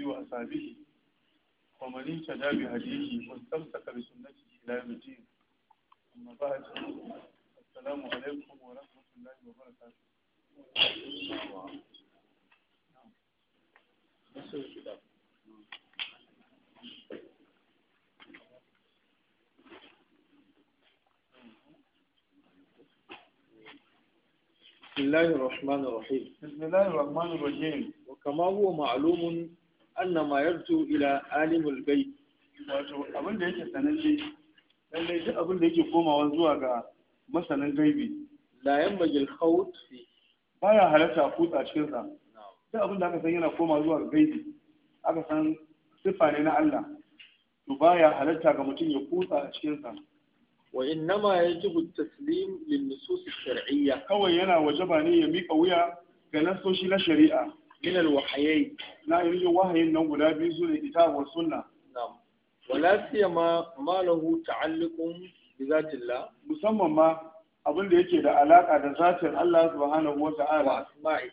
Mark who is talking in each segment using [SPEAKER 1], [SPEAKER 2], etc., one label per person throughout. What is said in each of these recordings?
[SPEAKER 1] alihi wa ashabihi wa man ihtada bi hadihi wa bi sunnatihi ila yawm din amma ba'd assalamu alaikum wa rahmatullahi wa barakatuh بسم الله الرحمن الرحيم بسم الله الرحمن الرحيم وكما هو معلوم anna ma yarju ila alimul ghaib wato abin da yake sananne lalle duk abin da yake komawa zuwa ga masanin gaibi la yanbaghi al-khawt fi baya halatta kutsa cikin sa duk abin da aka san yana komawa zuwa ga gaibi aka san sifa ne na Allah to baya halatta ga mutum ya kutsa a cikin sa wa innama yajibu taslim lin nusus shar'iyya kawai yana wajaba ne ya mika wuya ga nasoshi na shari'a من alwahayai لا يريد wahayin nan guda biyu su ne نعم ولا سيما ما له تعلق بذات الله مسمى bi musamman ma abin da yake da alaka da zatin Allah subhanahu wa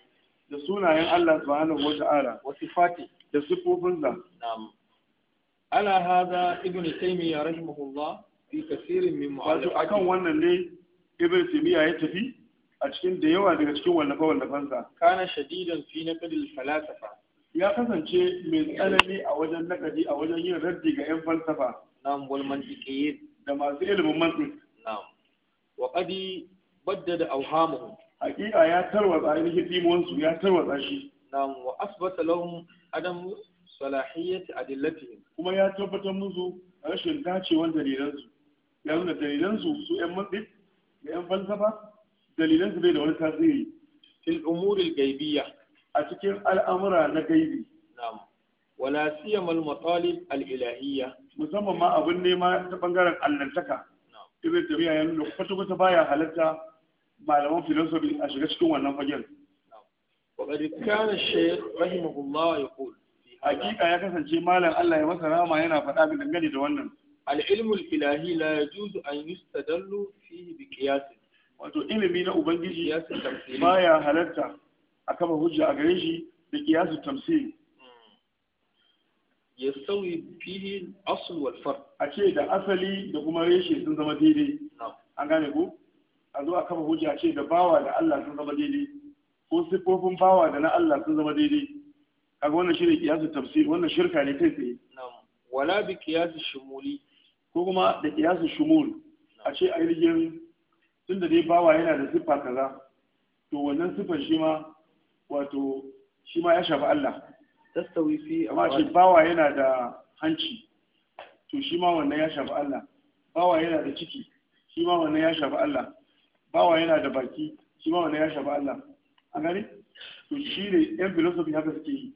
[SPEAKER 1] da sunayen Allah subhanahu wa wa sifati da sifofinsa na'am ala hada ibn taymiyyah rahimahullah fi kaseerin min akan wannan ne ibn taymiyyah ya tafi a cikin da yawa daga cikin wallafe-wallafensa. Kana shadidan fi naqdil falasafa. Ya kasance mai tsanani a wajen nakadi a wajen yin raddi ga 'yan falsafa. Na'am wal mantiqiyyin da masu ilimin mantiq. Na'am. Wa badda da auhamu. Hakika ya tarwatsa ainihin limonsu ya tarwatsa shi. Na'am wa asbata lahum adam salahiyyati adillatihim. Kuma ya tabbatar musu rashin dacewan dalilansu.
[SPEAKER 2] Ya da dalilansu
[SPEAKER 1] su 'yan mantiq da 'yan falsafa dalilan bai da wani tasiri fil umuril gaibiyya a cikin al'amura na gaibi na'am wala siyama al matalib al ilahiyya musamman ma abin nema ta bangaren allantaka ibn tabiya ya nuna kwata kwata baya halatta malaman philosophy a shiga cikin wannan fagen وقد كان الشيخ رحمه الله يقول hakika ya kasance malam Allah ya masa rama yana faɗa dangane da wannan al-ilmu al-ilahi la yajuzu an yustadallu fihi bi qiyas wato ilimi na ubangiji baya halarta a kama hujja a gare shi da kiyasu hmm. ya sauyi fihi asl wal far a ce da asali da kuma reshe sun zama daidai an gane ku a zo a kama hujja a ce da bawa da Allah sun zama daidai ko sifofin bawa da na Allah sun zama daidai kaga wannan shine kiyasu tafsir wannan shirka ne kai tsaye wala bi kiyasu shumuli ko kuma da kiyasu shumul a ce a yi tun da dai bawa yana da siffa kaza to wannan siffar shi ma wato shi ma ya shafi Allah tastawi fi amma shi bawa yana da hanci to shi ma wannan ya shafi Allah bawa yana da ciki shi ma wannan ya shafi Allah bawa yana da baki shi ma wannan ya shafi Allah an gani to shi ne yan philosophy haka suke yi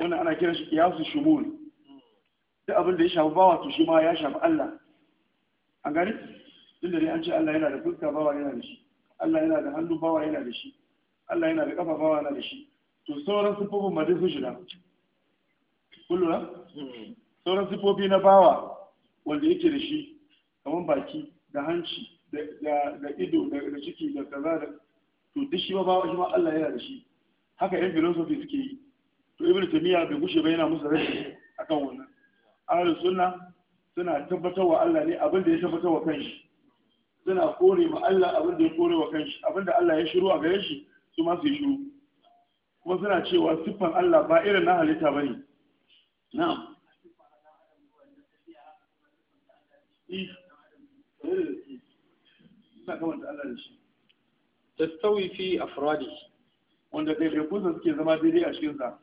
[SPEAKER 1] wannan ana kiran shi kiyasu shumul duk abin da ya shafi bawa to shi ma ya shafi Allah an gani tunda dai an ce Allah yana da fuska bawa yana da shi Allah yana da hannu bawa yana da shi Allah yana da kafa bawa yana da shi to sauran sifofin ma duk sun shiga kullum hmm. sauran sifofi na bawa wanda yake da shi kamar baki da hanci da ido da ciki da kaza da to duk shi ba bawa shi ma Allah yana da shi haka yan filosofi suke yi to ibnu tamiya bai gushe ba yana musu rashi akan wannan ahlus sunna suna tabbatar wa Allah ne abin da ya tabbatar wa kanshi suna kore ma Allah abin da ya kore wa kanshi abin da Allah ya shiru a gare shi su ma su yi shiru kuma suna cewa siffan Allah ba irin na halitta ba ne na'am suna kamanta Allah da shi tastawi fi afradi wanda ɗaiɗaikunsa suke zama daidai a cikinsa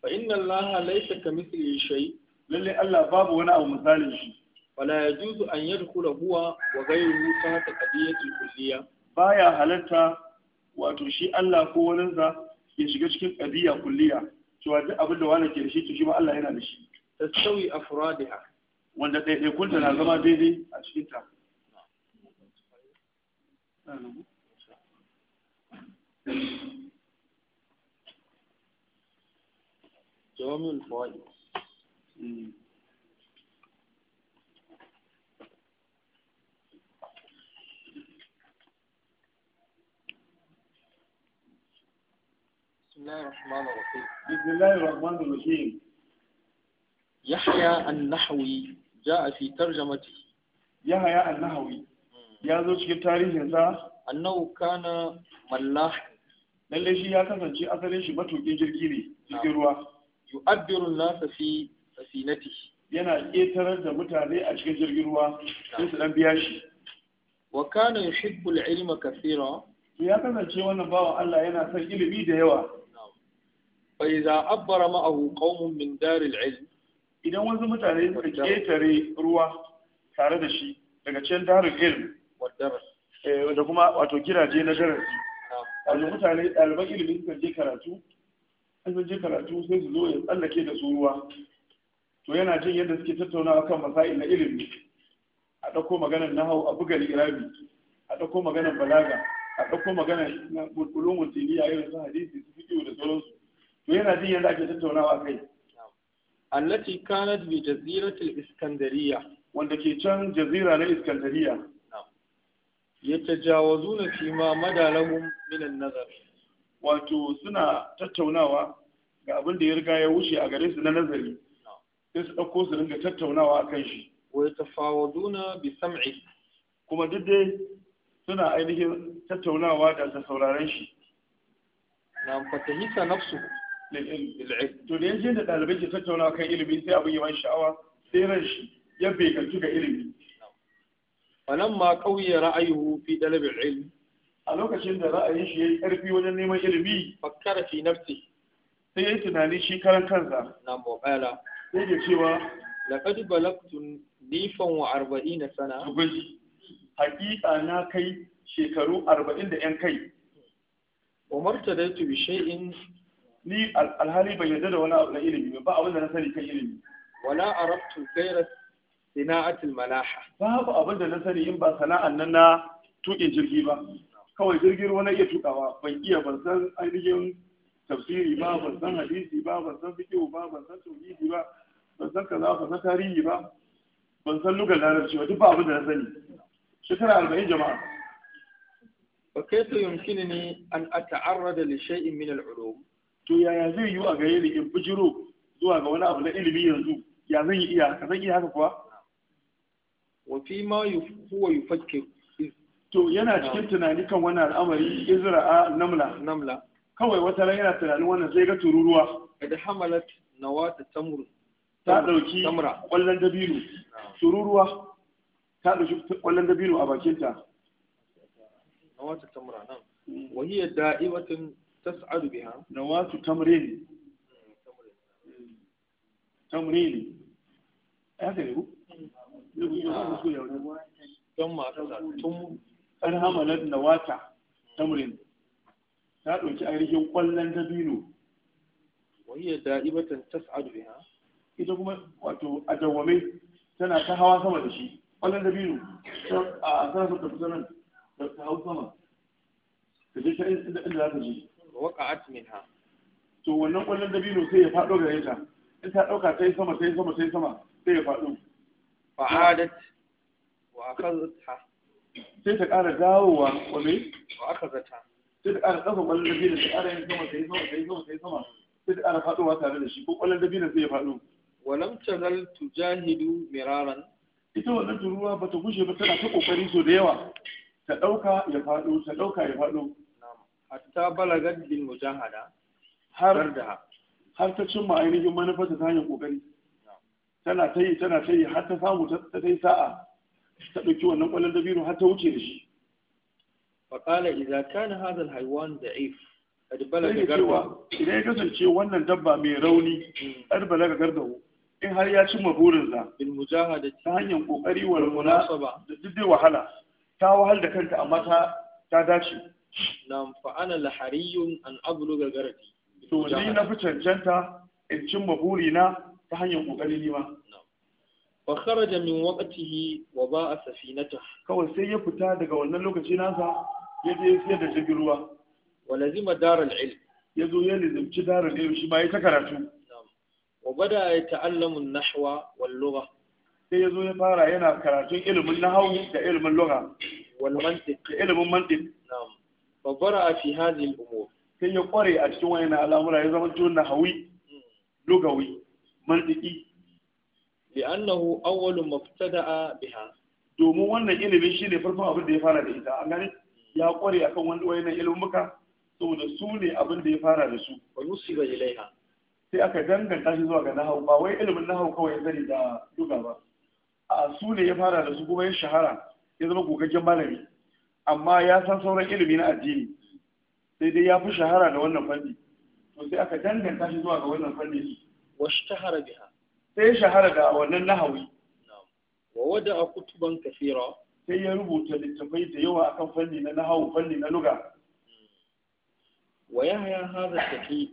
[SPEAKER 1] fa inna Allah laisa kamithlihi shay lalle Allah babu wani abu misalin shi ya yajuzu an yadkhula huwa wa ghayruhu tahta qadiyatil kulliyya baya halatta wato shi Allah ko waninsa ya shiga cikin qadiyya kulliya cewa duk abin da wani ke da shi to shi ma Allah yana da shi tasawi afradiha wanda ɗaiɗaikun na zama daidai a cikin ta بسم الله الرحمن الرحيم يحيى النحوي جاء في ترجمته يحيى النحوي يا zo cikin tarihinsa annahu kana mallah lalle shi ya kasance asalin shi jirgi ne cikin ruwa yu'abbiru an yana ƙetarar da mutane a cikin jirgin ruwa sai su dan biya shi wa kana yuhibbu al-ilma kathira ya kasance wannan bawan Allah yana son ilimi da yawa فإذا أبر معه قوم من دار العلم إذا idan wasu mutane روا ketare ruwa tare da shi daga cikin darul ilm eh, da kuma wato gidaje na darasi wato mutane ɗaliban ilimi suka je karatu an su zo ya tsallake da su to yana jin yadda suke tattaunawa kan masail na ilimi a ɗauko maganar nahau a buga irabi a ɗauko maganar balaga a ɗauko maganar ulumul diniya irin su hadisi su da sauransu yana jin yadda ake tattaunawa kai allati kanat bi jaziratil iskandariya wanda ke can jazira na iskandariya yatajawazuna fi ma madalahum min an-nazar wato suna tattaunawa ga abin da ya riga ya wuce a gare su na nazari sai su ɗauko su ringa tattaunawa a kan shi wa yatafawaduna bi sam'i kuma duk dai suna ainihin tattaunawa da sauraren shi na fatahisa nafsu to da yanzu da dalibai ke tattauna kan ilimi sai abin yawan sha'awa sai ran shi ya bekantu ga ilimi wannan ma kauye ra'ayuhu fi dalibin ilmi a lokacin da ra'ayi shi ya yi karfi wajen neman ilimi fakkara fi nafsi sai ya yi tunani shi karan kansa na muqala sai ya cewa laqad balagtu nifan wa arba'ina sana guji hakika na kai shekaru arba'in da ƴan kai umarta da tu bi shay'in ni alhali bai yarda da wani abu na ilimi ba abin da na sani kan ilimi wala arabtu ghayra sana'atul malaha babu abin da na sani in ba sana'an nan na tuƙin jirgi ba kawai jirgin ruwa na iya tukawa ban iya ban san ainihin tafsiri ba ban san hadisi ba ban san fiqh ba ban san tauhidi ba ban san kaza ban san tarihi ba ban san lugar larabci ba duk ba abin da na sani shekara arba'in jama'a وكيف يمكنني أن أتعرض لشيء من العلوم to yaya zai yiwu a gare ni in bijiro zuwa ga wani abu na ilimi yanzu ya zan yi iya ka zan iya haka kuwa wa fi ma huwa yufakkir to yana cikin tunani kan wannan al'amari a namla namla kawai wata ran yana tunanin wannan zai ga tururuwa kada hamalat nawata tamur ta dauki kwallon dabino tururuwa ta dauki kwallon dabino a bakinta nawata tamra nan wa hiya tas'adu biha nawatu tamrini tamrini haka ne ku don masu tun an hamalar nawata tamrin ta ɗauki ainihin ƙwallon dabino wahiyya da'ibatan tas'adu biha ita kuma wato a dawwame tana ta hawa sama da shi ƙwallon dabino a sanar da ta hau sama da ta inda za ta je waqa'at minha to wannan kwallon dabino sai ya faɗo gare ta in ta ɗauka sai sama sai sama sai sama sai ya faɗo fa'adat wa akhadhatha sai ta ƙara dawowa wa me wa akhadhatha sai ta ƙara ɗaukar kwallon dabino ta ƙara yin sama sai sama sai sama sai sama sai ta ƙara faɗowa tare da shi ko kwallon dabino sai ya faɗo lam tazal tujahidu miraran ita wannan turuwa bata gushe ba tana ta kokari so da yawa ta ɗauka ya faɗo ta ɗauka ya faɗo hatta balagat bin mujahada har da har ta cimma ainihin manufa ta hanyar kokari tana ta yi tana ta yi har ta samu ta ta sa'a ta ɗauki wannan ƙwallon dabino har ta wuce da shi faƙala idan kana hadal haiwan da if balaga ga idan ya kasance wannan dabba mai rauni hmm. adbala balaga gardahu in har ya cimma burinsa bil mujahada ta hanyar kokari wal munasaba da duk wahala ta wahal da kanta amma ta ta dace Nan fa ana lahariyun an abluga garadi to ni na fi cancanta in mahuri na ta hanyar kokari ni ma fa kharaja min waqtihi wa ba'a safinata kawai sai ya fita daga wannan lokaci nasa ya je sai da jirgin ruwa wa lazima darul ilm ya zo ya lazimci darul ilm shi ma ya ta karatu wa bada ya ta'allamu nahwa wal lugha sai ya zo ya fara yana karatun ilimin nahawu da ilimin lugha wal mantiq da ilimin mantiq na'am babbara fi hadhihi umo. sai ya kware a cikin wayannan al'amura ya zama tun hawi lugawi mantiki li'annahu awwalu mubtada'a biha domin wannan ilimin ne farkon abin da ya fara da ita an gane ya kware akan wani wayannan ilmuka saboda su ne abin da ya fara da su wa nusiba ilaiha sai aka danganta shi zuwa ga nahawu ba wai ilimin nahawu kawai ya sani da duga ba a su ne ya fara da su kuma ya shahara ya zama gogaggen malami amma ya san sauran ilimi na addini sai dai ya fi shahara da wannan fanni to sai aka danganta shi zuwa ga wannan fanni wa shahara biha sai shahara da wannan nahawi wa wada kutuban kathira sai ya rubuta littafai da yawa akan fanni na nahawu fanni na lugha wa yahya hadha tafi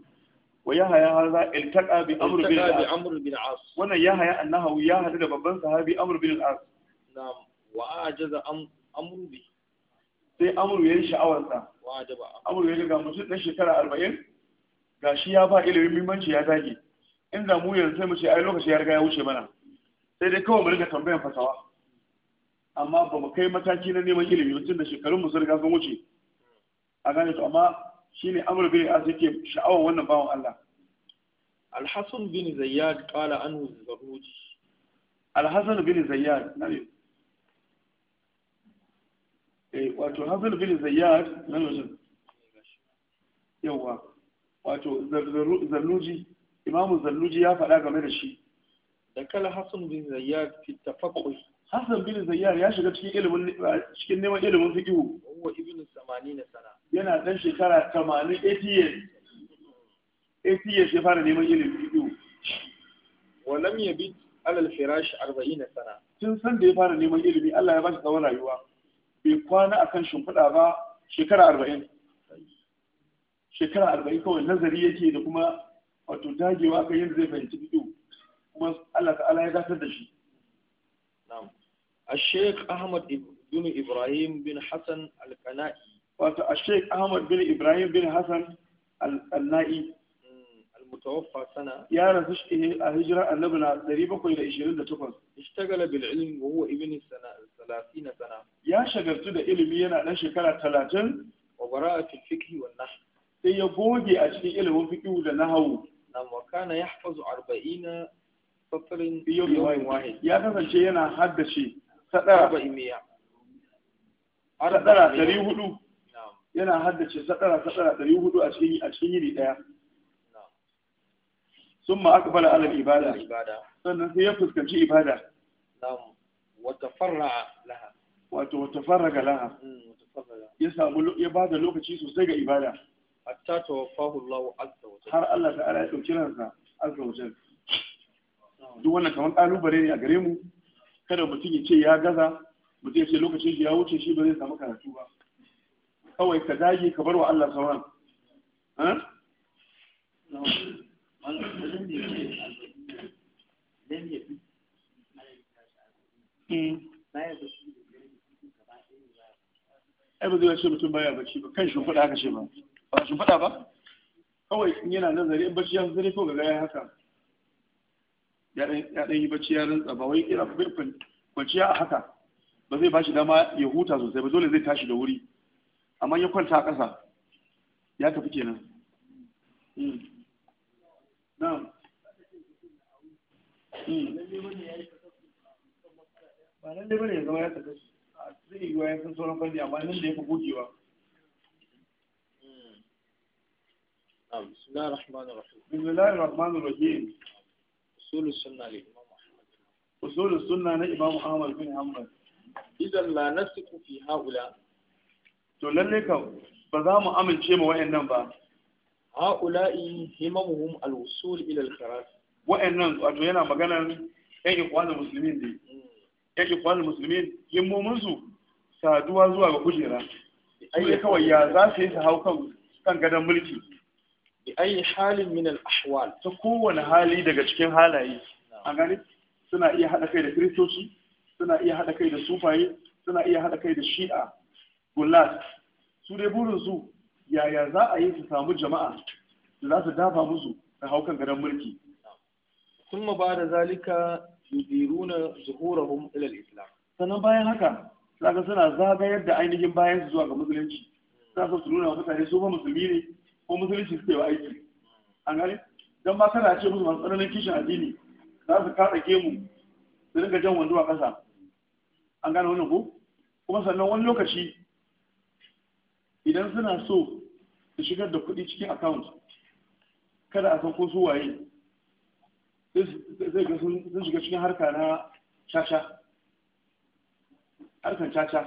[SPEAKER 1] wa yahya hadha iltaqa bi amr bin amr bin al-as wannan yahya annahu ya hadu da babban sahabi amr bin al-as na'am wa ajaza amr bi sai amuru ya yi sha'awarsa amuru ya ga mutum ɗan shekara arba'in ga shi ya ba ilimin mimanci ya zage in da mu yanzu sai mu ce ai lokaci ya riga ya wuce mana sai dai kawai mu riga tambayan fasawa amma ba mu kai mataki na neman ilimi mutum da shekarun mu sun riga sun wuce a gane to amma shine amuru bin az ke sha'awar wannan bawan Allah Alhassan bin Zayyad qala anhu Zaruji Al-Hasan bin Zayyad na'am wato hafil bin zayyad nan wajen yawa wato zalluji imamu zalluji ya faɗa game da shi da kala hasan bin zayyad fi tafaqquh hasan bin zayyad ya shiga cikin ilimin cikin neman ilimin fiqh wa ibn 80 sana yana dan shekara 80 80 80 ya fara neman ilimin fiqh wa lam yabit ala al-firash 40 sana tun san da ya fara neman ilimi Allah ya ba shi tsawon rayuwa bai kwana akan shimfiɗa ba shekara arba'in shekara arba'in kawai nazari yake da kuma wato dagewa kan yadda zai fahimci bidiyo kuma Allah ta'ala ya gafar da shi na'am الشيخ أحمد بن إبراهيم wato ahmad bin ibrahim bin hassan al-na'i mutawaffa sana ya rasu a hijira annabi na 728 ishtagala bil ilm wa huwa ya shagartu da ilimi yana dan shekara 30 sai ya goge a cikin ilimin fiqh da nahwu nam ya kasance yana haddace sadara 400 sadara 400 a cikin yini aka أقبل على ibada. sannan sai ya fuskanci ibada wato wata farraga laha hmm, ya samu ya ba da lokaci sosai ga ibada hatta ta tawaffahu Allah azza wa har Allah ta'ala ya dauki ransa azza wa jalla duk wannan kamar ƙalubale ne a gare mu kada mutum ya ce ya gaza mutum ya ce lokacin ya wuce shi ba zai samu karatu ba kawai ka dage ka bar wa Allah sauran ai ba zai ce mutum baya bacci ba kan shimfiɗa haka ce ba ba shimfiɗa ba kawai in yana zare in bacci ya zare ko ga gaya haka ya ɗan yi bacci ya rantsa ba wai ina kwanciya a haka ba zai bashi dama ya huta sosai ba dole zai tashi da wuri amma ya kwanta a ƙasa ya tafi kenan hmm. na'am hmm. ba nan dai bane ya zama ya tafi a zai ya san sauran fanni amma nan da ya fi gogewa بسم الله الرحمن الرحيم بسم الله الرحمن الرحيم أصول السنة Ahmad. أحمد أصول na للإمام أحمد بن to lalle kam ba za mu amince wa wayannan ba ha'ula'i himamuhum al-wusul ila al-kharas wa'annan wato yana magana yan ikwanul muslimin ne yan ikwanul muslimin himmomin su saduwa zuwa ga kujera ai kawai ya za su yi su hau kan kan gadon mulki bi ayi halin min al-ahwal ta kowane hali daga cikin halaye a gani suna iya hada kai da kristoci suna iya hada kai da sufaye suna iya hada kai da shi'a gullat su dai burin su yaya za a yi su samu jama'a da za su dafa musu da haukan gadon mulki ma ba da zalika yudiruna zuhurahum ila al-islam sannan bayan haka zaka suna zagayar da ainihin bayan su zuwa ga musulunci za su nuna wa mutane su ba musulmi ne ko musulunci suke wa aiki an gane dan ma kana ce musu masu tsananin kishin addini za su kada mu su rinka jan wando a ƙasa an gane wannan ko kuma sannan wani lokaci idan suna so su shigar da kuɗi cikin account kada a sauko su waye zai ga sun shiga cikin harka na caca harkan caca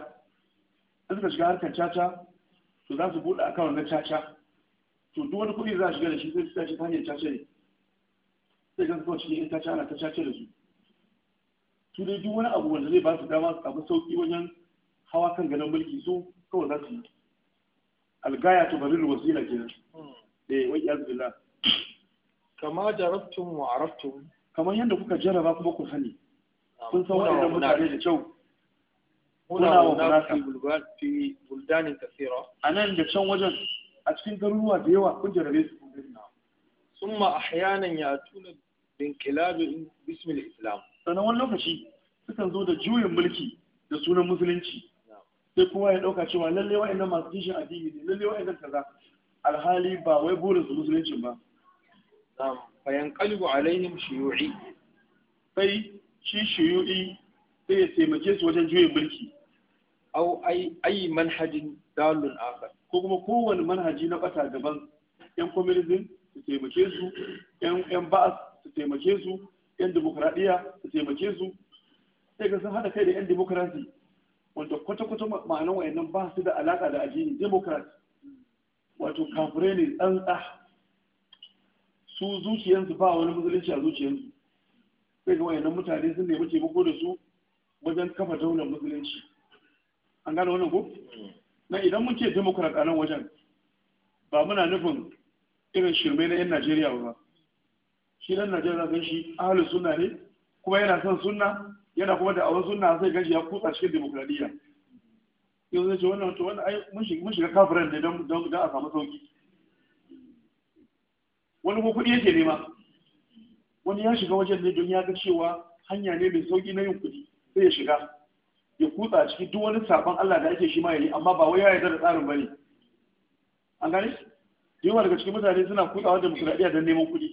[SPEAKER 1] in suka shiga harkan caca to za su buɗe account na caca to duk wani kuɗi za a shiga da shi zai tashi ta hanyar caca ne sai kan kawai cikin caca ana ta caca da su su dai duk wani abu wanda zai ba su dama su samu sauƙi wajen hawa kan ganin mulki su kawai za su yi algaya to bari wasila kenan hmm. eh wa iyaz billah kama jarabtum wa araftum Kama yadda kuka jaraba kuma ku sani ah, kun san wannan mutane da kyau kuna wa munaka fi buldanin kasira anan da can wajen a cikin garuruwa da yawa kun jarabe su kun gani summa ahyanan yatuna bin kilabi bismil islam sanan wani lokaci sukan zo da juyin mulki da sunan musulunci sai kuma ya ɗauka cewa lalle wa'in nan masu kishin addini ne Lalle wa'in nan kaza alhali ba wai burin su musulunci ba fa kalbu alaihim shuyu'i sai shi shuyu'i sai ya taimake su wajen juyin mulki au ai ai manhajin dalun akhar ko kuma kowane manhaji na kasa gaban yan communism su taimake su yan yan ba'as su taimake su yan demokradiya su taimake su sai ka san hada kai da yan demokradiya wanda kwata-kwata ma'anar wayannan ba su da alaka da addini democrat wato kafirai ne tsantsa su zuciyarsu ba wani musulunci a zuciyarsu sai ga wayannan mutane sun nemi taimako da su wajen kafa daular musulunci an gane wannan ko na idan mun ce democrat a nan wajen ba muna nufin irin shirme na 'yan najeriya ba shi dan najeriya gan shi ahalu sunna ne kuma yana son sunna yana kuma da awon suna sai gashi ya kutsa cikin demokradiyya yau zai ce wannan to ai mun shiga kafiran ne don a samu sauki wani ko kuɗi yake nema wani ya shiga wajen ne don ya ga cewa hanya ne mai sauki na yin kuɗi sai ya shiga ya kutsa ciki duk wani sabon Allah da ake shi ma yayi amma ba wai ya yarda da tsarin bane an gane da yawa daga cikin mutane suna kutsawa demokradiyya don neman kuɗi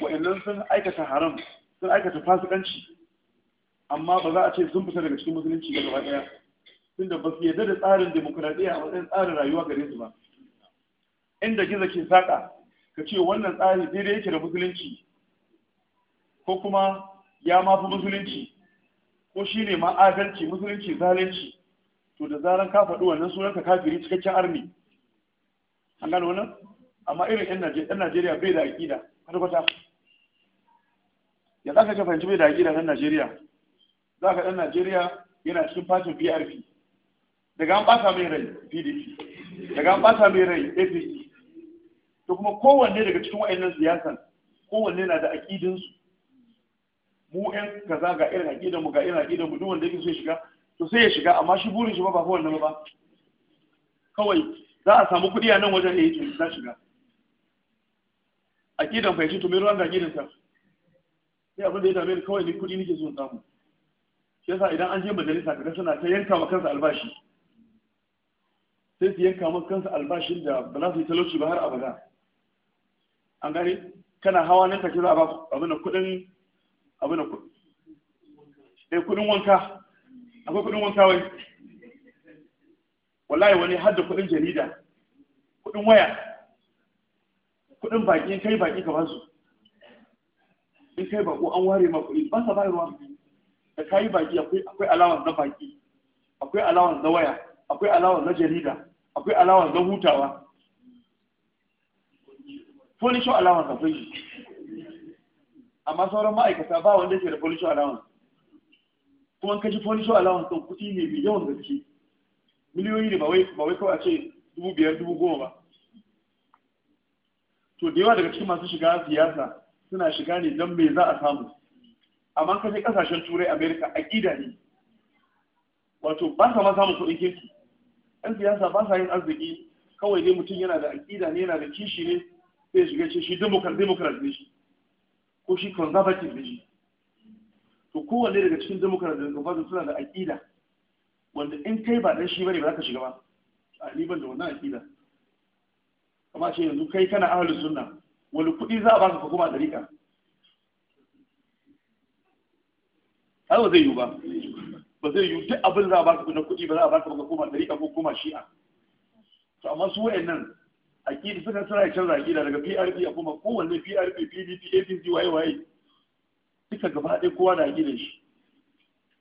[SPEAKER 1] wa'annan sun aikata haram sun aikata fasikanci amma ba za a ce sun fita daga cikin musulunci ga gaba daya tunda ba su yarda da tsarin demokradiyya a matsayin tsarin rayuwa gare su ba inda gizo ke saƙa, ka ce wannan tsari daidai yake da musulunci ko kuma ya mafi musulunci ko shi ne ma adalci musulunci zalunci to da zaran ka faɗi wannan sunan ka kafiri cikakken armi an gano wannan amma irin yan Najeriya bai da aƙida kwata-kwata Yanzu aka ce fahimci bai da aƙida nan Najeriya za ka ɗan Najeriya yana cikin fatin PRP daga an ɓata mai rai PDP daga an ɓata mai rai APC to kuma kowanne daga cikin wa'annan siyasan kowanne na da aƙidinsu mu 'yan kaza ga irin aƙidan ga irin aƙidan mu duk wanda yake so ya shiga to sai ya shiga amma shi burin shi ba ba kowanne ba kawai za a samu kuɗi a nan wajen eh to za shiga aƙidan fahimci yace to ruwan ga aƙidan sai abin da ya dame ni kawai ni kuɗi nake so samu shi yasa idan an je majalisa kaga suna ta yanka wa kansa albashi sai su yanka wa kansa albashin da ba za su yi talauci ba har abada an gani. kana hawa nan ka kira abin da kudin abin da kudin kudin eh, wanka akwai kudin wanka wai wallahi wani hadda kudin jarida kudin waya kudin baki kai baki ka basu in kai bako an ware ma kudi ba sa bayarwa da ka yi baki akwai alawar na baki akwai alawar na waya akwai alawar na jarida akwai alawar na hutawa polisho alawar na shi amma sauran ma'aikata ba wanda ke da polisho alawar. kuma ka ji polisho alawar kan kuɗi ne mai yawan gaske miliyoyi ne ba wai kawai a ce dubu biyar dubu goma ba to da yawa daga cikin masu shiga siyasa suna shiga ne don me za a samu amma ka je kasashen turai a aƙida ne wato ba sa ma samun kuɗin kirki yan siyasa ba sa yin arziki kawai dai mutum yana da aƙida ne yana da kishi ne sai shiga ce shi democrat ne shi ko shi conservative ne shi to kowanne daga cikin democrat da conservative suna da aƙida wanda in kai ba dan shi bane ba za ka shiga ba a liban da wannan aƙida amma ce yanzu kai kana ahlus sunna wani kuɗi za a baka ka a dariƙa har ba zai yiwu ba ba zai yiwu duk abin za a baka na kuɗi ba za a baka ba koma ɗariƙa ko koma shi'a to amma su wa'annan aƙidi suka ya canza aƙida daga PRP a koma kowanne PRP PDP APC waye waye duka gaba ɗaya kowa da gida shi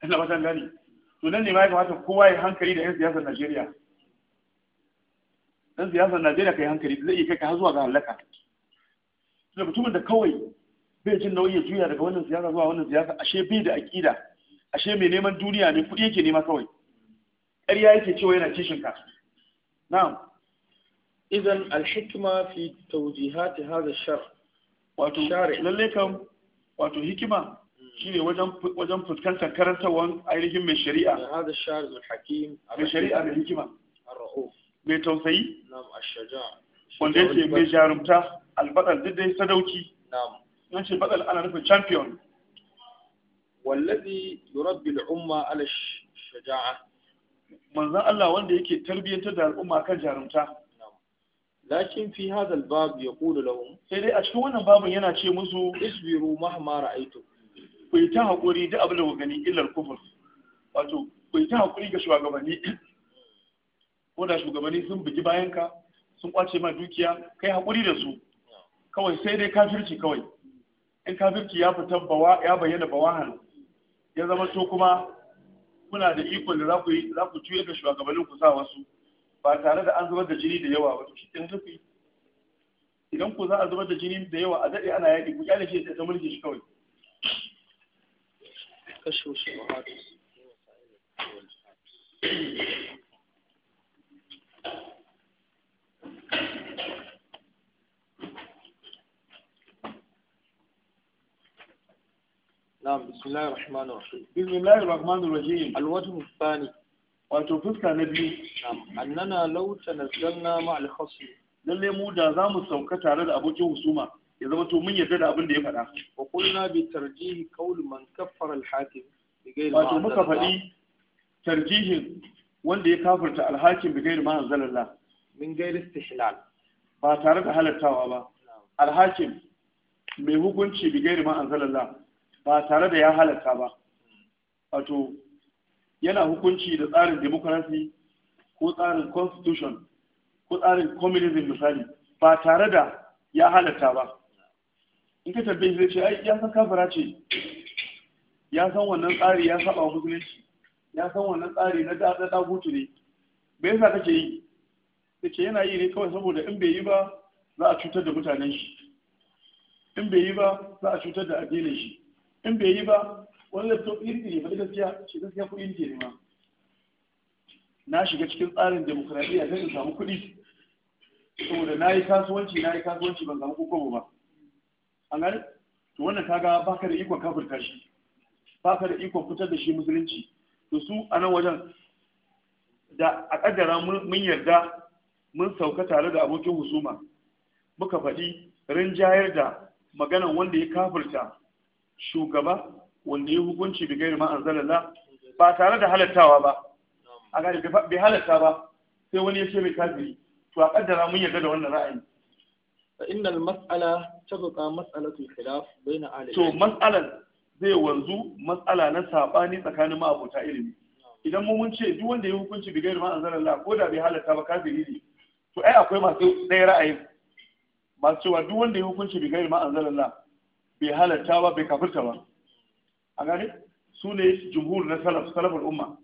[SPEAKER 1] ina ba gani to nan ne ma ya kamata kowa ya hankali da 'yan siyasar Najeriya dan siyasar Najeriya kai hankali zai iya kai ka har zuwa ga halaka da mutumin da kawai bai jin nauyi ya juya daga wannan siyasa zuwa wannan siyasa ashe bai da akida ashe mai neman duniya ne kuɗi yake nema kawai ƙarya yake cewa yana kishin ka na'am idan alhikma fi tawjihati hadha shar wato lalle kam wato hikima shine wajen wajen fuskantar karantawan ainihin mai shari'a hadha shar al hakim mai shari'a mai hikima ar-rauf mai tausayi na'am ash-shaja
[SPEAKER 2] wanda yake mai
[SPEAKER 1] jarumta albadar duk sadauki na'am an ce badal ana nufin champion wallazi yurabbi al-umma ala shaja'a manzon Allah wanda yake tarbiyantar da al'umma kan jarumta lakin fi hadha al-bab yaqulu lahum sai dai a cikin wannan babin yana ce musu isbiru mahma ra'aytu ku yi ta hakuri da abin da ku gani illar kufur wato ku yi ta hakuri ga shugabanni ko da shugabanni sun bugi bayanka sun kwace ma dukiya kai hakuri da su kawai sai dai kafirci kawai in kafirci ya fita bawa ya bayyana bawahan ya zama to kuma kuna da ikon da za ku yi za ku ga shugabannin ku sa wasu ba tare da an zubar da jini da yawa ba to shi kenan ku idan ku za a zubar da jini da yawa a dade ana yaki ku kyale shi ta mulki shi kawai kashu shi na'am bismillahir rahmanir rahim bismillahir rahmanir rahim alwajhu thani wato fuska na biyu na'am annana law tanazzalna al khasm lalle mu da zamu sauka tare da abokin husuma ya zama to mun yarda da abin da ya faɗa wa qulna bi tarjihi qawl man kaffara al-hakim wato muka faɗi tarjihin wanda ya kafirta al-hakim bi ghairi ma anzalallah min ghairi istihlal ba tare da halartawa ba al-hakim mai hukunci bi ghairi ma ba tare da ya halatta ba wato yana hukunci da tsarin demokrasi ko tsarin constitution ko tsarin communism misali ba tare da ya halatta ba in ka tabbai zai ce ai ya san kafara ce ya san wannan tsari ya saba musulunci ya san wannan tsari na da da hutu ne me yasa kake yi ce yana yi ne kawai saboda in bai yi ba za a cutar da mutanen shi in bai yi ba za a cutar da addinin shi in bai yi ba wani laptop indi ne faɗi gaskiya shi gaskiya kuɗi indi ne ma na shiga cikin tsarin demokuraɗiyya sai in samu kuɗi saboda na yi kasuwanci na yi kasuwanci ban samu kokobo ba an gani to wannan ba ka da ikon kafirta shi ba ka da ikon fitar da shi musulunci to su a nan wajen da a kaddara mun yarda mun sauka tare da abokin husuma muka faɗi rinjayar da maganan wanda ya kafirta shugaba wanda ya hukunci bi gairi ma anzalalla ba tare da halattawa ba a gani bai halatta ba sai wani ya ce mai kafiri to a kaddara mun yarda da wannan ra'ayi fa innal mas'ala tabqa mas'alatu khilaf baina ahli to mas'alan zai wanzu mas'ala na sabani tsakanin ma'abota ilimi idan mu mun ce duk wanda ya hukunci bi gairi ma anzalalla ko da bai halatta ba kafiri ne to ai akwai masu ɗaya ra'ayi. masu cewa duk wanda ya hukunci bi gairi ma anzalalla bai halarta ba bai kafirta ba a gane su ne jumhur na salaf salaful umma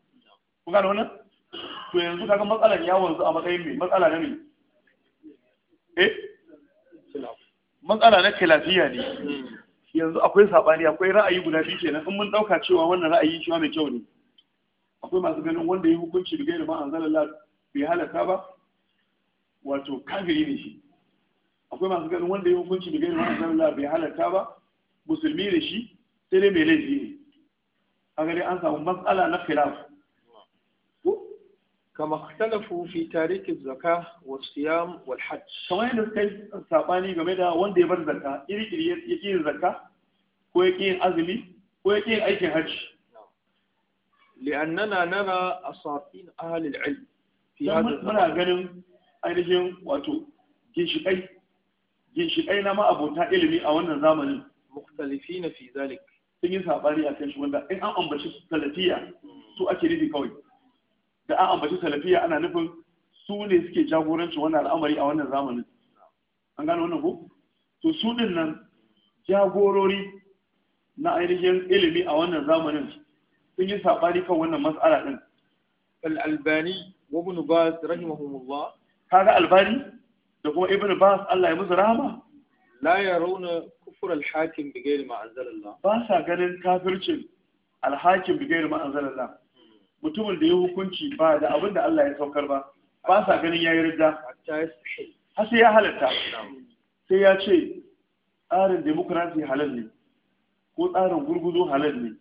[SPEAKER 1] ku gane wannan to yanzu kaga matsalar ya wanzu a matsayin mai matsala na ne eh matsala na kilafiya ne yanzu akwai sabani akwai ra'ayi guda biyu kenan in mun dauka cewa wannan ra'ayi shi mai kyau ne akwai masu ganin wanda ya hukunci da gairi ma anzalallah bai halatta ba wato kafiri ne shi akwai masu ganin wanda ya hukunci da gairi ma anzalallah bai halatta ba musulmi da shi sai dai mai laifi ne a gari an samu matsala na khilaf kama talafu fi tarikin zaka wa siyam wal hajj kamar yadda suka yi sabani game da wanda ya bar zaka, iri iri ya ƙi zaka, ko ya ƙi azumi ko ya ƙi aikin hajji li'annana nana أساطين أهل العلم في هذا الزمان muna ganin ainihin wato ginshiƙai ginshiƙai na ma'abota ilimi a wannan zamanin mukhtalifina fi zalik sun yi sabani akan shi wanda in an ambaci salafiya su ake nufi kawai da an ambaci salafiya ana nufin su ne suke jagoranci wannan al'amari a wannan zamanin an gano wannan ko to su din nan jagorori na ainihin ilimi a wannan zamanin sun yi sabani kan wannan mas'ala din al albani wa ibn baz rahimahumullah kaga albani da kuma ibn baz Allah ya musu rahama la yarawna kufur al bi ghairi ma ba sa ganin kafircin alhakim hakim bi ghairi ma mutumin da ya hukunci ba da abin da Allah ya saukar ba ba sa ganin yayi ridda har sai ya halatta sai ya ce tsarin demokrasi halal ne ko tsarin gurguzo halal ne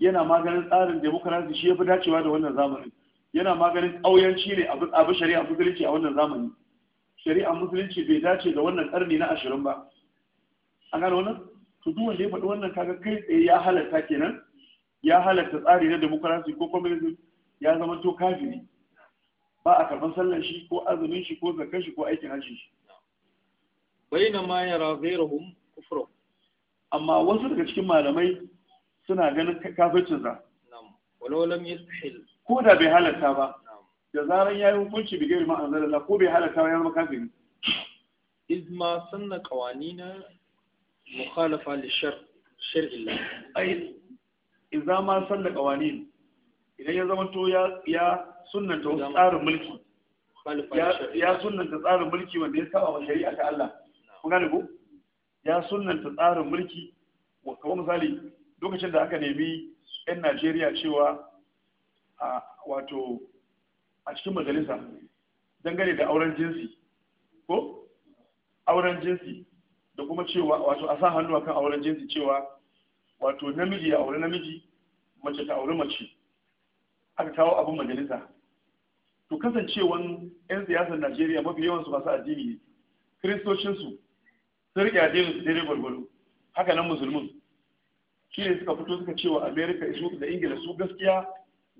[SPEAKER 1] yana maganin tsarin demokrasi shi ya fi dacewa da wannan zamani. yana maganin ƙauyanci ne abu shari'a musulunci a wannan zamani shari'a musulunci bai dace da wannan ƙarni na ashirin ba A gano wannan to duk wanda ya faɗi wannan kaga kai tsaye ya halatta kenan ya halatta tsari na demokarasi ko communism ya zama to kafiri ba a karɓar sallar shi ko azumin shi ko zakar shi ko aikin hajji shi bayna ma yara ghayruhum kufru amma wasu daga cikin malamai suna ganin kafircin sa walau lam yastahil ko da bai halatta ba da zaran yi hukunci bi gairi ma ko bai halatta ba ya zama kafiri izma ma kawani na. mukhalafa li shar'i Allah ai idza ma salla qawanin idan ya zama ya ya sunnanta wasu tsarin mulki ya sunnanta tsarin mulki wanda ya saba wa shari'a ta ya sunnanta tsarin mulki kamar misali lokacin da aka nemi 'yan Najeriya cewa a wato a cikin majalisa dangane da auren jinsi ko auren jinsi da kuma cewa wato a sa hannu akan auren jinsi cewa wato namiji ya aure namiji mace ta aure mace aka kawo abin majalisa to kasancewan 'yan siyasar najeriya mafi yawan su masu addini ne kiristocinsu sun riƙe addinin su daidai gwargwaro haka nan musulmin shi ne suka fito suka cewa america isu da ingila su gaskiya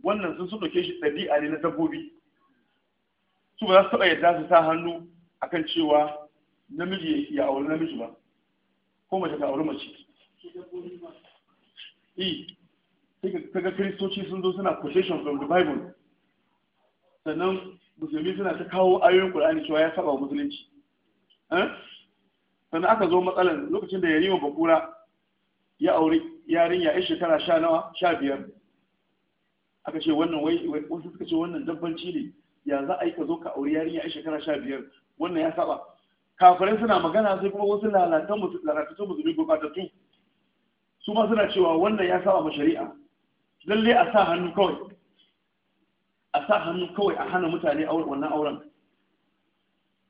[SPEAKER 1] wannan sun sun ɗauke shi ɗabi'a ne na dabbobi su ba za su taɓa yadda su sa hannu akan cewa namiji ya auri namiji ba ko mace ta auri mace e ga kristoci sun zo suna quotation from the bible sannan musulmi suna ta kawo ayoyin qur'ani cewa ya saba musulunci eh? sannan aka zo matsalan lokacin da yarima bakura ya auri yarinya ya shekara sha nawa sha biyar aka ce wannan wai wasu suka ce wannan dabbanci ne ya za a yi ka zo ka auri yarinya ya shekara sha biyar wannan ya saba kafirai suna magana sai kuma wasu lalatan mutum lalatattun musulmi gurbatattu su ma suna cewa wannan ya saba ma shari'a lalle a sa hannu kawai a sa hannu kawai a hana mutane wannan auren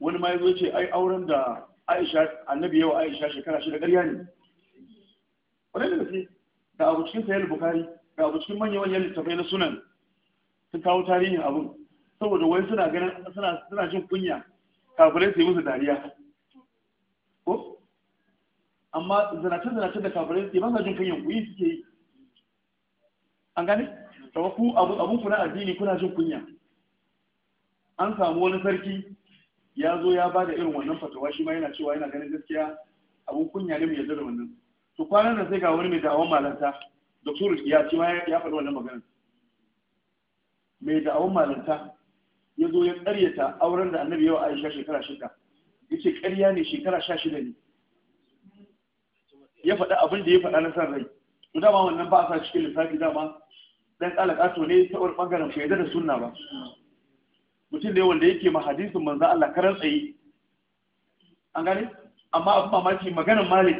[SPEAKER 1] wani ma ya ce ai auren da Aisha annabi yawa Aisha shekara shida ƙarya ne Wani da gaske da abu cikin sayar bukhari da abu cikin manyan manyan littafai na sunan sun kawo tarihin abu saboda wani suna ganin suna jin kunya kafirai su yi musu dariya ko amma zanace zanace da kafirai su ba sa jin kunyan kuyi suke yi an gane kawai ku abun ku na addini kuna jin kunya an samu wani sarki ya zo ya ba da irin wannan fatawa shi ma yana cewa yana ganin gaskiya abun kunya ne mu yarda da wannan to kwanan nan sai ga wani mai da'awan malanta da turu ya ce ya faɗi wannan maganar mai da'awan malanta ya zo ya ƙaryata auren da annabi yawa aisha shekara shida ya ce ƙarya ne shekara sha shida ne ya faɗa abin da ya faɗa na san rai to dama wannan ba a sa cikin lissafi dama dan ƙato ne ta wani ɓangaren ku da sunna ba mutum ne wanda yake ma hadisin manzo Allah karan tsaye an gane amma abin mamaki maganar malik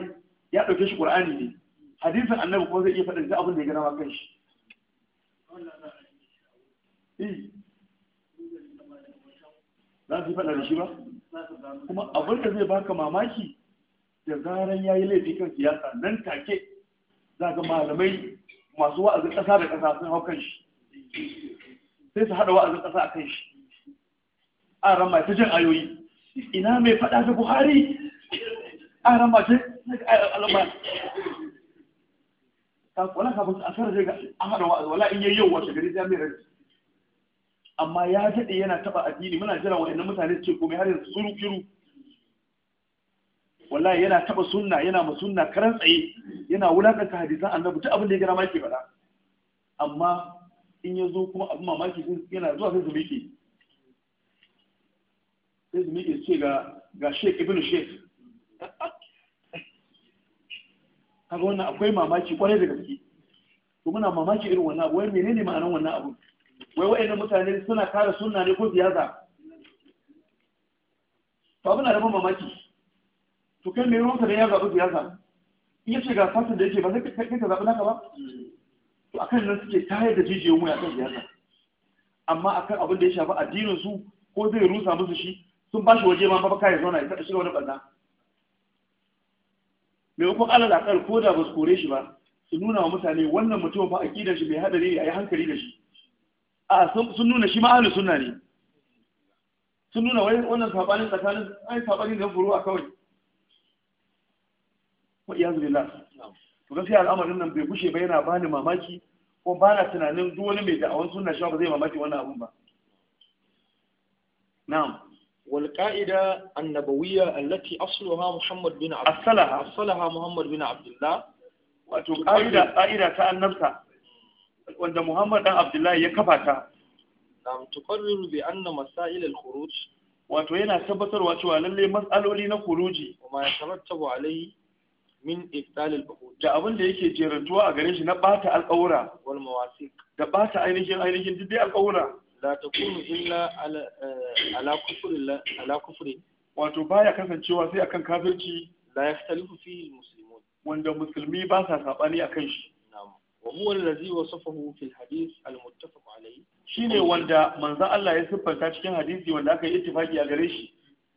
[SPEAKER 1] ya ɗauke shi qur'ani ne hadisin annabi kuma zai iya faɗa da abin da ya gana ma kanshi eh. za su yi faɗa da shi ba kuma abin da zai baka mamaki da zaran ya yi laifi kan siyasa nan take za ga malamai masu wa'azin ƙasa da ƙasa sun hau kan shi sai su haɗa wa'azin ƙasa a kan shi a rama ta jan ayoyi ina mai faɗa da buhari a rama Ta alama wala kafin a sarar ga a haɗa wa'azin wala in yi yau wace gari ta mai rajista amma ya daɗe yana taɓa addini muna jira waɗannan mutane ce komai har yanzu suru kiru wallahi yana taɓa sunna yana ma sunna karan tsaye yana wulaƙanta hadisan annabi duk abin da ya gara maki faɗa amma in ya zo kuma abin mamaki yana zuwa sai su sai su ce ga ga sheik ibn sheik kaga wannan akwai mamaki kwarai da gaske to muna mamaki irin wannan wai menene ma'anar wannan abu wai wa'annan mutane suna kare suna ne ko siyasa to abin da rabin mamaki to kai mai ruwanka da ya zaɓi siyasa iya ce ga fasin da yake ba sai kai ka zaɓi naka ba to akan nan suke tayar da jijiyoyin ya kan siyasa amma akan abin da ya shafi addinin su ko zai rusa musu shi sun ba shi waje ma ba kai zauna ya shiga wani banna maimakon alal akal ko da ba su kore shi ba su nuna wa mutane wannan mutum fa kidan shi bai hadari ya a yi hankali da shi a sun nuna shi ma ahlus sunna ne sun nuna wai wannan sabanin tsakanin ai sabanin da furu a kawai wa iyazu billah to gaskiya al'amarin nan bai gushe ba yana bani mamaki ko ba na tunanin duk wani mai da'awan sunna shi ba zai mamaki wannan abun ba na'am Wal والقاعدة النبوية التي أصلها محمد بن عبد الله أصلها محمد بن عبد الله وتقاعدة قاعدة النبسة wanda Muhammad dan Abdullahi ya kafa ta nam tuqarriru bi anna masail al-khuruj wato yana tabbatarwa cewa lalle matsaloli na khuruji kuma ya tarattabu alai min ibtal al-buhut da abin da yake jerantuwa a gare shi na bata alƙawura wal mawasiq da bata ainihin ainihin duk dai alƙawura la takunu illa ala eh, kufri ala kufri wato baya kasancewa sai akan kafirci la yahtalifu fi al-muslimun wanda musulmi ba sa sabani akan shi wa huwa allazi wasafahu fil hadith al muttafaq alayhi shine wanda manzo Allah ya siffanta cikin hadisi wanda aka yi ittifaki a gare shi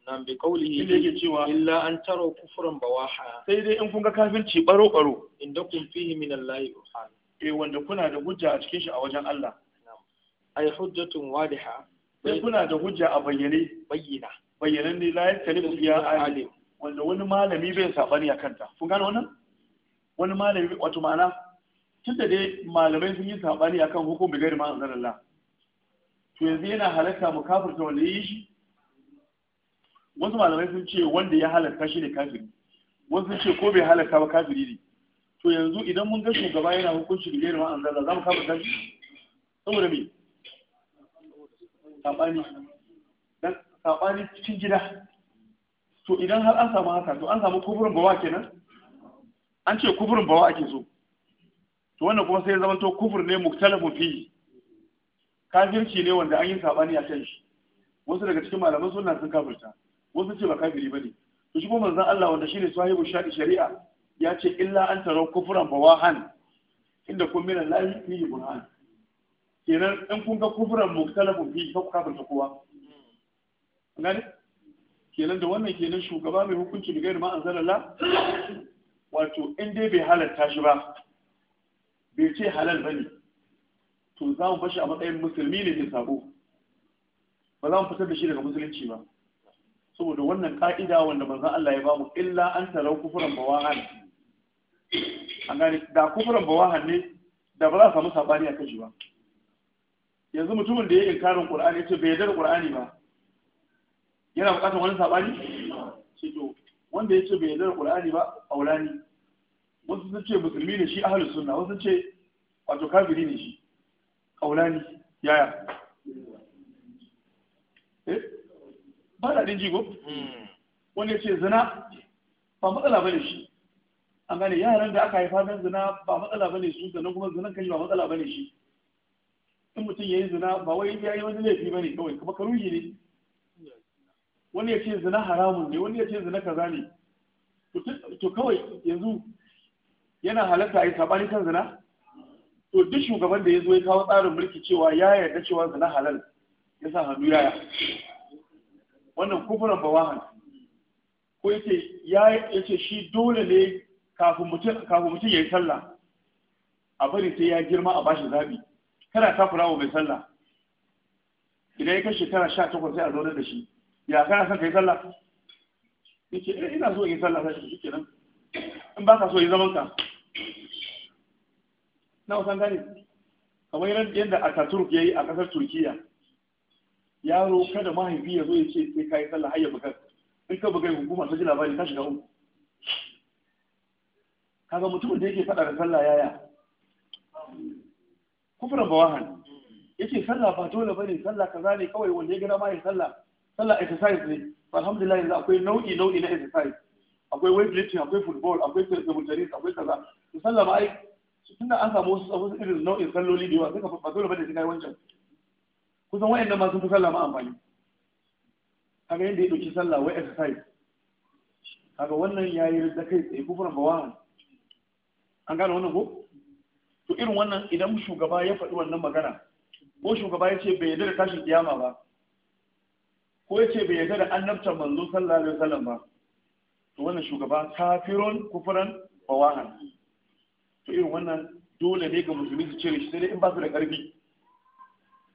[SPEAKER 1] nan bi qawlihi shi yake illa an tara kufran bawaha sai dai in kun ga kafirci baro baro inda kun fihi min Allah eh wanda kuna da hujja a cikin shi a wajen Allah mu hujjatun sai kuna da a bayyana alim wanda wani malami bai sabani a kanta kun gano wannan wani malami wato ma'ana tun da dai malamai sun yi saɓani akan hukumar gari gairi ma'azar Allah to yanzu yana halatta mu kafirta wanda ya yi shi wasu malamai sun ce wanda ya halatta shi ne kafiri wasu sun ce ko bai halatta ba kafiri ne to yanzu idan mun ga shugaba yana hukunci gari gairi ma'azar Allah za mu kafirta shi saboda me saɓani dan saɓani cikin gida to idan har an samu haka to an samu kufurin bawa kenan an ce kufurin bawa ake so to wannan kuma sai zama to kufur ne muktalafu fi kafirci ne wanda an yi sabani a kan shi wasu daga cikin malaman sunna sun kafirta wasu ce ba kafiri bane to shi kuma manzon Allah wanda shine sahibu shari'a ya ce illa an tarau kufuran bawahan inda kun mina lahi fi burhan kenan in kun ga kufuran muktalafu fi ka kafirta kowa gani kenan da wannan kenan shugaba mai hukunci da gairi ma'an anzalala wato in dai bai halarta shi ba bai ce halal ba ne to za mu bashi a matsayin musulmi ne mai sabo ba za mu fitar da shi daga musulunci ba saboda wannan ka'ida wanda manzon Allah ya mu, illa an tarau kufuran bawahan an gane da kufuran bawahan ne da ba za a samu sabani a kashi ba yanzu mutumin da ya karin ƙur'ani ya ce bai yadda da qur'ani ba yana buƙatar wani sabani ce to wanda ya ce bai yadda da qur'ani ba aulani wasu sun ce musulmi ne shi ahalus sunna wasu sun ce wato kafiri ne shi kaulani yaya eh ba da din jigo hmm. wani ce zina ba matsala bane shi an gane yaran da aka haifa dan zina ba matsala bane su sannan kuma zinan kan ba matsala bane shi in mutum ya yi zina ba wai ya yi wani laifi ba ne kawai kuma karuhi ne wani ya ce zina haramun ne wani ya ce zina kaza ne to kawai yanzu yana halatta a yi saɓani kan zina to duk shugaban da ya zo ya kawo tsarin mulki cewa ya yarda cewa zina halal ya sa hannu yaya wannan kufuran bawahan ko yace ya yace shi dole ne kafin mutum kafin mutum yayi sallah a bari sai ya girma a bashi zabi kana ta wa mai sallah idan ya kai shekara takwas sai a zauna da shi ya kana son kai sallah yace eh, ina so in sallah sai shi kenan in ba ka so yi zaman ka na wasan gani kamar yadda Ataturk ya yi a ƙasar Turkiya yaro kada mahaifi ya zo ya ce sai kayi sallah har bukar in ka bugar hukuma ta ji labari ta shiga uku kaga mutumin da yake faɗa da sallah yaya kufurin bawahan yace sallah ba dole bane sallah kaza ne kawai wanda ya gina ma ya sallah sallah exercise ne alhamdulillah yanzu akwai nau'i nau'i na exercise akwai weightlifting akwai football akwai table tennis akwai kaza to sallah ba ai tunda an samu wasu wasu irin nau'in salloli da yawa sai ka fa dole bane sai kai wancan kusan wayannan ma sun fi sallah ma amfani kaga yanda ya dauki sallah wai exercise kaga wannan yayi da kai ku kufuran bawahan an gane wannan ko to irin wannan idan shugaba ya faɗi wannan magana ko shugaba ya ce bai yarda da tashin kiyama ba ko ya ce bai yarda da annabtar manzo sallallahu alaihi wasallam ba to wannan shugaba kafirun kufuran bawahan to irin wannan dole ne ga musulmi su cire shi sai dai in ba su da ƙarfi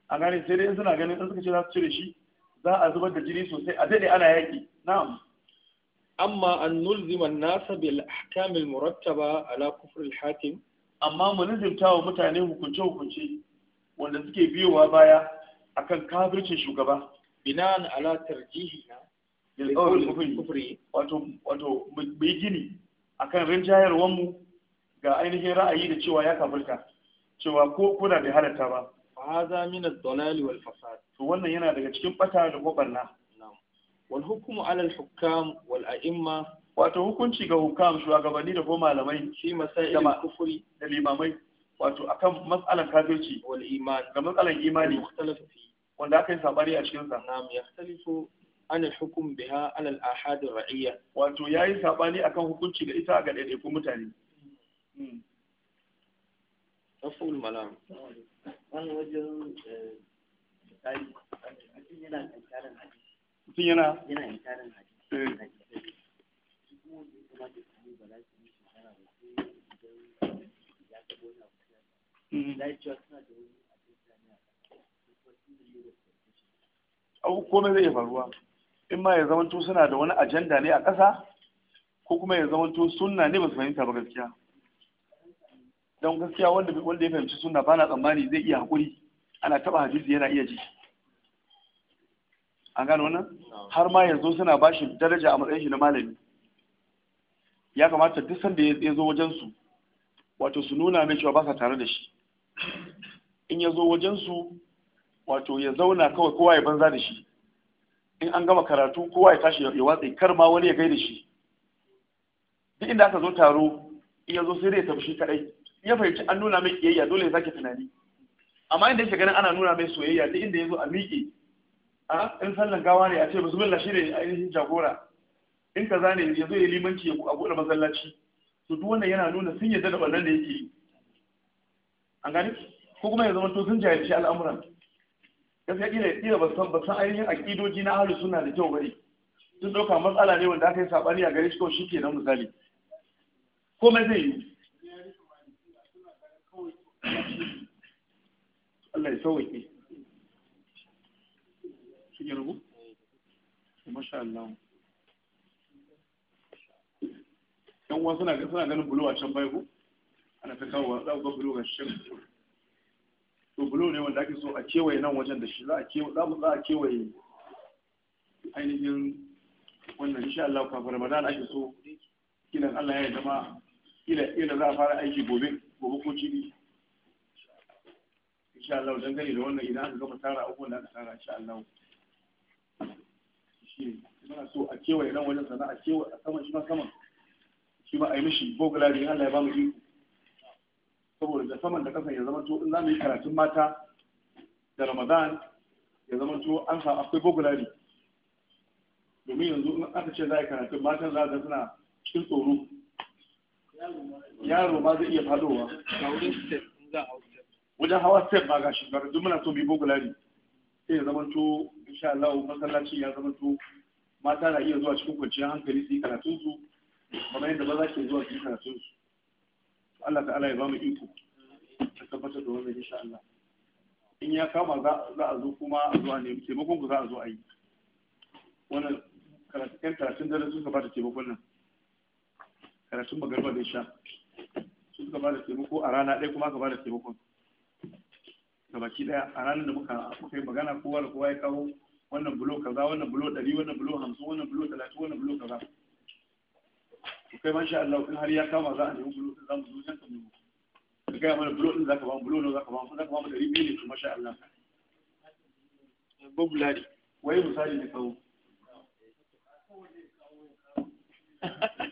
[SPEAKER 1] a gane sai dai suna ganin in suka ce za su cire shi za a zubar da jini sosai a dade ana yaki, na'am amma an nulzima nasa bil ahkamil murattaba ala kufr al hakim amma mu nulzimta wa mutane hukunce hukunce wanda suke biyowa baya akan kafircin shugaba binan ala tarjihina Oh, kufri wato wato mu gini akan rinjayarwar mu ga ainihin ra'ayi da cewa ya kafirta cewa ko kuna bai halatta ba hadha min ad-dalal wal fasad to wannan yana daga cikin bata da kokarna wal hukmu ala al hukam wal a'imma wato hukunci ga hukam shugabanni da ko malamai shi masailin kufuri da limamai wato akan matsalan kafirci wal iman ga matsalan imani wanda aka yi sabari a cikin sa nam yahtalifu anil hukum biha alal ar ra'iyya wato yayi sabani akan hukunci da ita ga ku mutane taful hmm. malam wani wajen tsari eh, yana tsarin hadisi mutum yana yana tsarin hadisi eh. hmm. komai zai faruwa in ma ya zamanto suna da wani ajanda ne a ƙasa ko kuma ya zamanto suna ne ba su fahimta ba gaskiya don gaskiya wanda wanda ya fahimci suna ba na tsammani zai iya haƙuri ana taɓa hadisi yana iya ji an gano wannan har ma yanzu suna ba shi daraja a matsayin shi na malami ya kamata duk sanda ya zo wajen su wato su nuna mai cewa ba sa tare da shi in ya zo wajen wato ya zauna kawai kowa ya banza da shi in an gama karatu kowa ya tashi ya watsa kar ma wani ya da shi duk inda aka zo taro ya zo sai dai ta kadai ya fahimci an nuna mai kiyayya dole ya sake tunani amma inda yake ganin ana nuna mai soyayya duk inda ya zo a miƙe A in sallan gawa ne a ce bismillah shi ne ainihin jagora in ka ne ya zo ya limanci a buɗe masallaci to duk wannan yana nuna sun yarda da wannan da yake yi an gani ko kuma ya zama to sun jahilci al'amuran gaskiya kila kila ba san ba san ainihin akidoji na ahlus sunna da kyau bane sun dauka matsala ne wanda aka yi sabani a gare shi kawai shike nan misali ko komai zai yi Allah ya sauke shi ne rubu masha Allah yan uwa suna ganin bulo a can bai ku ana ta kawo za ku ga bulo ga shi to blue ne wanda ake so a kewaye nan wajen da shi za a kewaye ainihin wannan insha Allah fara Ramadan ake so kidan Allah ya zama ila za a fara aiki gobe gobe ko cibi insha Allah dan gani da wannan idan aka gama tara uku da aka tara insha Allah shi muna so a kewaye nan wajen sana'a kewaye a saman shi ma saman shi ma a yi mishi bogala da Allah ya ba mu iko saboda da saman da kasan ya zama to in za mu yi karatun mata da ramadan ya zama to an sa akwai bogulari domin yanzu in aka ce za a yi karatun matan za a suna cikin tsoro yaro ma zai iya fadowa wajen hawa step ba ga shekaru duk muna so mu yi bogulari sai ya zama to insha Allah masallaci ya zama to mata na iya zuwa cikin kwanciyar hankali su yi karatunsu kamar yadda za ke zuwa su yi karatunsu Allah ta'ala ya ba mu iko ta tabbatar da wannan insha Allah in ya kama za a zo kuma a zuwa ne taimakon ku za a zo a yi wannan karatun karatun dare sun gabata taimakon nan karatun magarba da sha sun gabata taimako a rana ɗaya kuma gabata taimakon baki ɗaya a ranar da muka muka yi magana kowa da kowa ya kawo wannan bulo kaza wannan bulo ɗari wannan bulo hamsin wannan bulo talatin wannan bulo kaza كي ما شاء الله كل هالي كم راني وبلو تزام زوجين كم كي عمل بلو نذاك وام بلو نذاك وام نذاك وام تري بيني كم شاء الله بوبلاري وين مساجد كم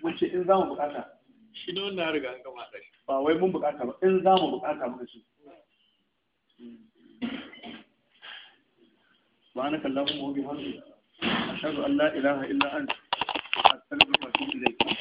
[SPEAKER 1] وشي إنزام بكرة شنو نارجع كم هذا با وين بكرة إنزام بكرة ما شو سبحانك اللهم وبحمدك أشهد أن لا إله إلا أنت That's another question today.